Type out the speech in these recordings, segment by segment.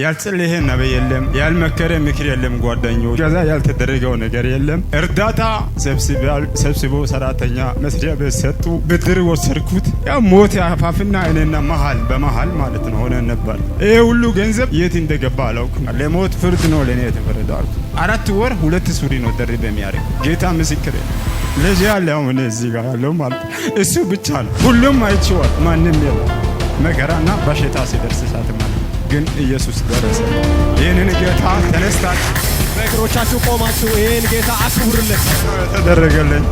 ያልጸለየ ነብይ የለም፣ ያልመከረ ምክር የለም። ጓደኞች ገዛ ያልተደረገው ነገር የለም። እርዳታ ሰብስቦ ሰራተኛ መስሪያ ቤት ሰጡ። ብድር ወሰድኩት። ያው ሞት አፋፍና እኔና መሀል በመሀል ማለት ነው ሆነ ነበር። ይህ ሁሉ ገንዘብ የት እንደገባ አላውቅ። ለሞት ፍርድ ነው ለእኔ የተፈረዳሉ። አራት ወር ሁለት ሱሪ ነው ደር በሚያደርግ ጌታ ምስክር ልጅ ያለው እኔ እዚህ ጋር ያለው ማለት እሱ ብቻ ነው። ሁሉም አይችዋል። ማንም የለ መከራና በሽታ ሲደርስ ሳትማ ግን ኢየሱስ ደረሰ። ይህንን ጌታ ተነስታችሁ በእግሮቻችሁ ቆማችሁ ይህን ጌታ አክብሩለት። ተደረገልኝ።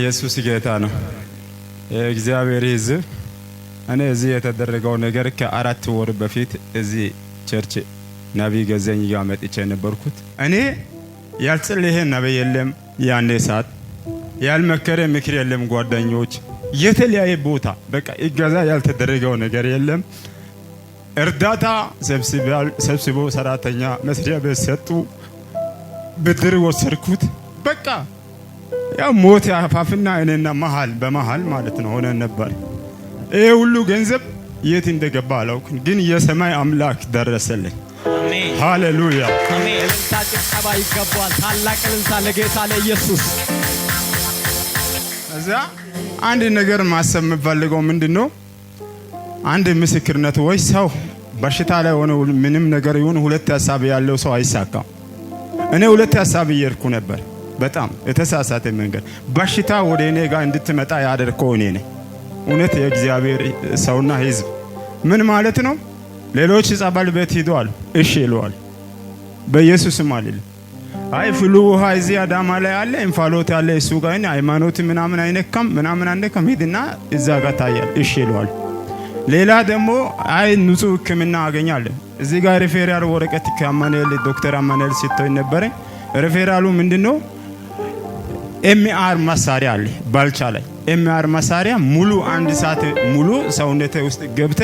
ኢየሱስ ጌታ ነው። የእግዚአብሔር ሕዝብ እኔ እዚህ የተደረገው ነገር ከአራት ወር በፊት እዚህ ቸርች ነቢይ ገዘኝ ጋ መጥቼ የነበርኩት እኔ ያልጸለየ ነቢይ የለም ያኔ ሰዓት ያልመከረ ምክር የለም ጓደኞች የተለያየ ቦታ በቃ ይገዛ ያልተደረገው ነገር የለም። እርዳታ ሰብስቦ ሰራተኛ መስሪያ ቤት ሰጡ፣ ብድር ወሰድኩት። በቃ ያ ሞት አፋፍና እኔና መሀል በመሀል ማለት ነው ሆነ ነበር ይሄ ሁሉ ገንዘብ የት እንደገባ አላውቅም፣ ግን የሰማይ አምላክ ደረሰልኝ። ሃሌሉያ! እልልታ ጭብጨባ ይገባዋል። ታላቅ እልልታ ለጌታ ለኢየሱስ። እዚያ አንድ ነገር ማሰብ የምፈልገው ምንድን ነው? አንድ ምስክርነት ወይ ሰው በሽታ ላይ ሆነ ምንም ነገር ይሁን ሁለት ሀሳብ ያለው ሰው አይሳካም። እኔ ሁለት ሀሳብ እየርኩ ነበር። በጣም የተሳሳተ መንገድ። በሽታ ወደ እኔ ጋር እንድትመጣ ያደርከው እኔ ነኝ። እውነት የእግዚአብሔር ሰውና ህዝብ ምን ማለት ነው? ሌሎች ጸበል ቤት ሂደዋል፣ እሺ ይለዋል። በኢየሱስም አልል አይ ፍሉ ውሃ እዚህ አዳማ ላይ አለ፣ እንፋሎት ያለ እሱ ጋር ሃይማኖት ምናምን አይነካም፣ ምናምን አንነካም፣ ሂድና እዛ ጋር ታያል፣ እሺ ይለዋል። ሌላ ደግሞ አይ ንጹህ ህክምና አገኛለን። እዚህ ጋር ሪፌራል ወረቀት ከአማኑኤል ዶክተር አማኑኤል ሲቶኝ ነበረ። ሪፌራሉ ምንድን ነው? ኤምአር መሳሪያ አለ ባልቻ ላይ ኤምአር መሳሪያ ሙሉ አንድ ሰዓት ሙሉ ሰውነት ውስጥ ገብተ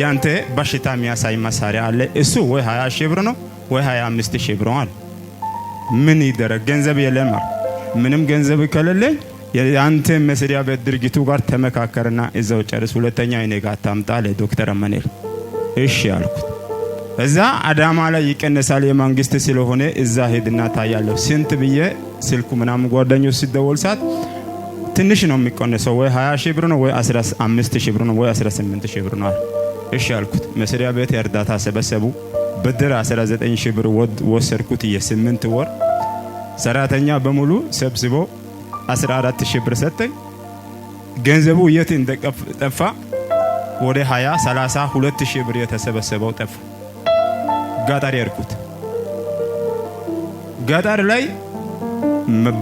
ያንተ በሽታ የሚያሳይ መሳሪያ አለ። እሱ ወይ 20 ሺህ ብር ነው ወይ 25 ሺህ ብር አለ። ምን ይደረግ? ገንዘብ የለም። ምንም ገንዘብ ከሌለኝ የአንተ መስሪያ ቤት ጋር ተመካከርና እዛው ጨርስ፣ ሁለተኛ እኔ ጋር ታምጣ ዶክተር አመኔል እሺ አልኩት። እዛ አዳማ ላይ ይቀነሳል የመንግስት ስለሆነ እዛ ሄድና ታያለሁ ስንት ብዬ ስልኩ ምናምን ጓደኞች ሲደወል ሰዓት ትንሽ ነው የሚቆነሰው ወይ 20 ሺህ ብር ነው ወይ 15 ሺህ ብር ነው ወይ 18 ሺህ ብር ነው። እሺ አልኩት። መስሪያ ቤት እርዳታ ሰበሰቡ። ብድር 19 ሺህ ብር ወሰድኩት። የ8 ወር ሰራተኛ በሙሉ ሰብስቦ 14 ሺህ ብር ሰጠኝ። ገንዘቡ የት እንደጠፋ ወደ 20 30 2 ሺህ ብር የተሰበሰበው ጠፋ። ጋጣሪ ያርኩት ጋጣሪ ላይ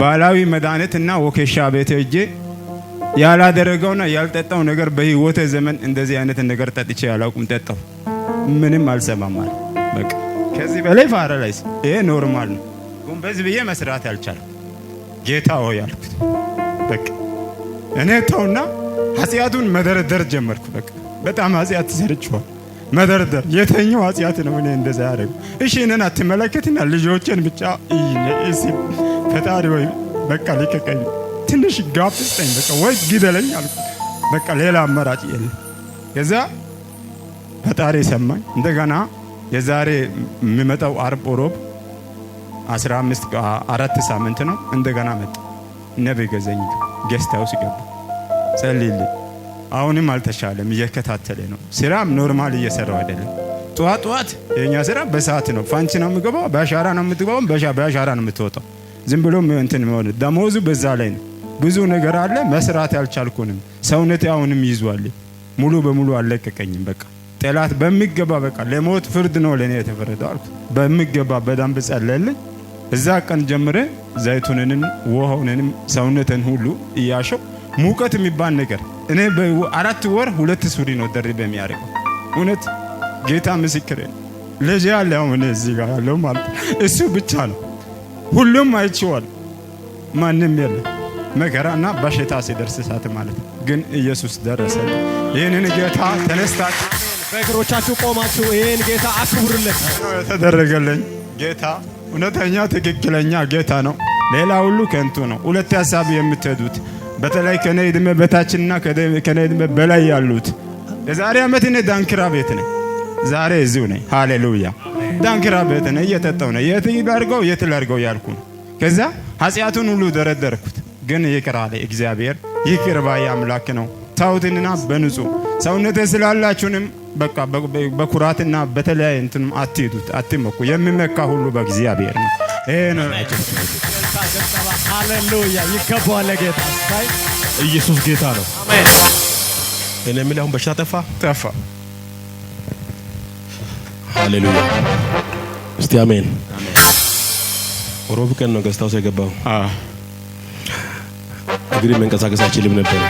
ባህላዊ መድኃኒት እና ወኬሻ ቤት ሄጄ ያላደረገውና ያልጠጣው ነገር በህይወቴ ዘመን እንደዚህ አይነት ነገር ጠጥቼ ያላውቅም። ጠጣው ምንም አልሰማማል በቃ ከዚህ በላይ ላይ ይሄ ኖርማል ነው። ጎንበዝ ብዬ መስራት አልቻልኩም። ጌታ ሆይ ያልኩት በቃ እኔ ተውና ኃጢአቱን መደረደር ጀመርኩ። በቃ በጣም ኃጢአት ሰርችኋል። መደርደር የተኛው ኃጢአት ነው። እኔ እንደዛ ያደረግ እሺ፣ እኔን አትመለከትና ልጆችን ብቻ እስ ፈጣሪ ወይ በቃ ልቀቀኝ፣ ትንሽ ጋፕ ስጠኝ፣ በቃ ወይ ግደለኝ አልኩ። በቃ ሌላ አማራጭ የለም። ከዛ ፈጣሪ ሰማኝ። እንደገና የዛሬ የሚመጣው አርብ ሮብ አስራ አምስት አራት ሳምንት ነው። እንደገና መጣ ነብ ገዘኝ ጌስት ሃውስ ገባ ጸልይልኝ አሁንም አልተሻለም፣ እየከታተለ ነው። ስራም ኖርማል እየሰራው አይደለም። ጠዋት ጠዋት የኛ ስራ በሰዓት ነው። ፋንቺ ነው የምገባው፣ በአሻራ ነው የምትገባው፣ በአሻራ ነው የምትወጣው። ዝም ብሎ እንትን ሆነ። ደሞዙ በዛ ላይ ነው። ብዙ ነገር አለ መስራት ያልቻልኩንም፣ ሰውነቴ አሁንም ይዟል። ሙሉ በሙሉ አልለቀቀኝም። በቃ ጠላት በሚገባ በቃ ለሞት ፍርድ ነው ለእኔ የተፈረደው አልኩ። በሚገባ በደንብ ጸለልን። እዛ ቀን ጀምረ ዘይቱንንም ውሃውንንም ሰውነትን ሁሉ እያሸው ሙቀት የሚባል ነገር እኔ አራት ወር ሁለት ሱሪ ነው ደርቤ የሚያደርገው። እውነት ጌታ ምስክር ነው። ልጅ ያለ ሁ እዚህ ጋር ያለው ማለት እሱ ብቻ ነው። ሁሉም አይችዋል፣ ማንም የለም። መከራና በሽታ ሲደርስ ሳት ማለት ግን ኢየሱስ ደረሰ። ይህንን ጌታ ተነስታችሁ በእግሮቻችሁ ቆማችሁ ይህን ጌታ አክብሩለት። የተደረገልኝ ጌታ እውነተኛ ትክክለኛ ጌታ ነው። ሌላ ሁሉ ከንቱ ነው። ሁለት ሀሳብ የምትሄዱት በተለይ ከኔ እድሜ በታችና ከኔ እድሜ በላይ ያሉት የዛሬ ዓመት እኔ ዳንኪራ ቤት ነኝ። ዛሬ እዚሁ ነኝ። ሃሌሉያ ዳንኪራ ቤት ነኝ። እየጠጣሁ ነኝ። የት ላድርገው የት ላድርገው ያልኩ ከዛ ኃጢአቱን ሁሉ ደረደርኩት። ግን ይቅር አለ እግዚአብሔር። ይቅር ባይ አምላክ ነው። ታውትንና በንጹ ሰውነቴ ስላላችሁንም በቃ በኩራትና በተለያየ እንትን አትሄዱት፣ አትመኩ። የሚመካ ሁሉ በእግዚአብሔር ነው። ይሄ ነው ሃሌሉያ ይገባዋል ለጌታ። ኢየሱስ ጌታ ነው። እኔ የምልህ አሁን በሽታ ጠፋ ጠፋ። ሃሌሉያ። እስቲ አሜን። ሮብ ቀን ነው ገዝታ ውስጥ የገባው። እግሬ መንቀሳቀስ አይችልም ነበር፣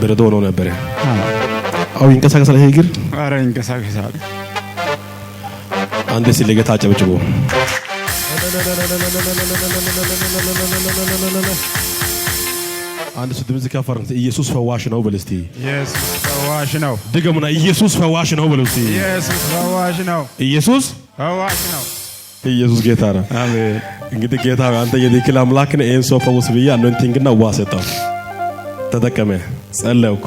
በረዶ ሆኖ ነበረ። አሁን ይንቀሳቀሳል ይሄ እግር። ኧረ ይንቀሳቀሳል። አንዴ ሲል ጌታ አጨብጭቦ አንድ ሱ ድምጽ ከፈር ኢየሱስ ፈዋሽ ነው በል እስቲ። ፈዋሽ ነው ድገሙና፣ ኢየሱስ ፈዋሽ ነው በል እስቲ። ኢየሱስ ፈዋሽ ነው። ኢየሱስ ፈዋሽ ነው። ኢየሱስ ጌታ ነው። አሜን። እንግዲህ ጌታ አንተ የትክክል አምላክ ነህ። ይሄን ሰው ፈውስ ብዬ አኖንቲንግና ዋ ሰጠው፣ ተጠቀመ፣ ጸለይኩ።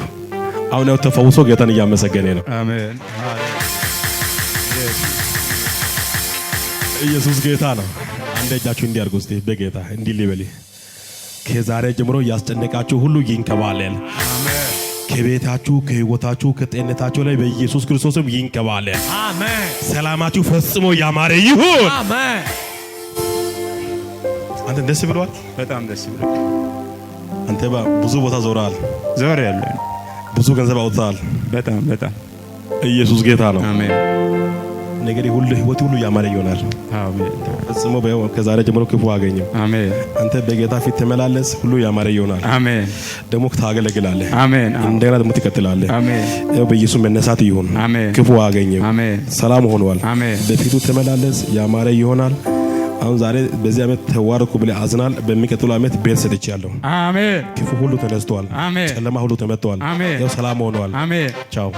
አሁን ያው ተፈውሶ ጌታን እያመሰገነ ነው። አሜን። ኢየሱስ ጌታ ነው። አንድ እጃችሁ እንዲያርጉ አድርጉ እስቲ በጌታ እንዲህ ሊበል ከዛሬ ጀምሮ እያስጨነቃችሁ ሁሉ ይንከባለል። ከቤታችሁ፣ ከህይወታችሁ፣ ከጤንነታችሁ ላይ በኢየሱስ ክርስቶስም ይንከባለል። ሰላማችሁ ፈጽሞ ያማረ ይሁን። አንተ ደስ ብሏል? በጣም ደስ ብሏል። አንተ ብዙ ቦታ ዞራል፣ ዞር ያለ ብዙ ገንዘብ አውጥታል። በጣም በጣም ኢየሱስ ጌታ ነው። አሜን። ነገር ሁሉ ህይወት ሁሉ ያማረ ይሆናል። ፈጽሞ ከዛሬ ጀምሮ ክፉ አገኝም። አንተ በጌታ ፊት ተመላለስ ሁሉ ያማረ ይሆናል። ደግሞ ታገለግላለህ፣ እንደገና ደግሞ ትቀጥላለህ። በኢየሱስ መነሳት ይሁን። ክፉ አገኝም፣ ሰላም ሆኗል። በፊቱ ተመላለስ፣ ያማረ ይሆናል። አሁን ዛሬ በዚህ ዓመት ተዋረኩ ብለ አዝናል። በሚቀጥሉ ዓመት ቤት ያለው አሜን። ክፉ ሁሉ ተነስቷል። ጨለማ ሁሉ ተመቷል። ያው ሰላም ሆኗል። ቻው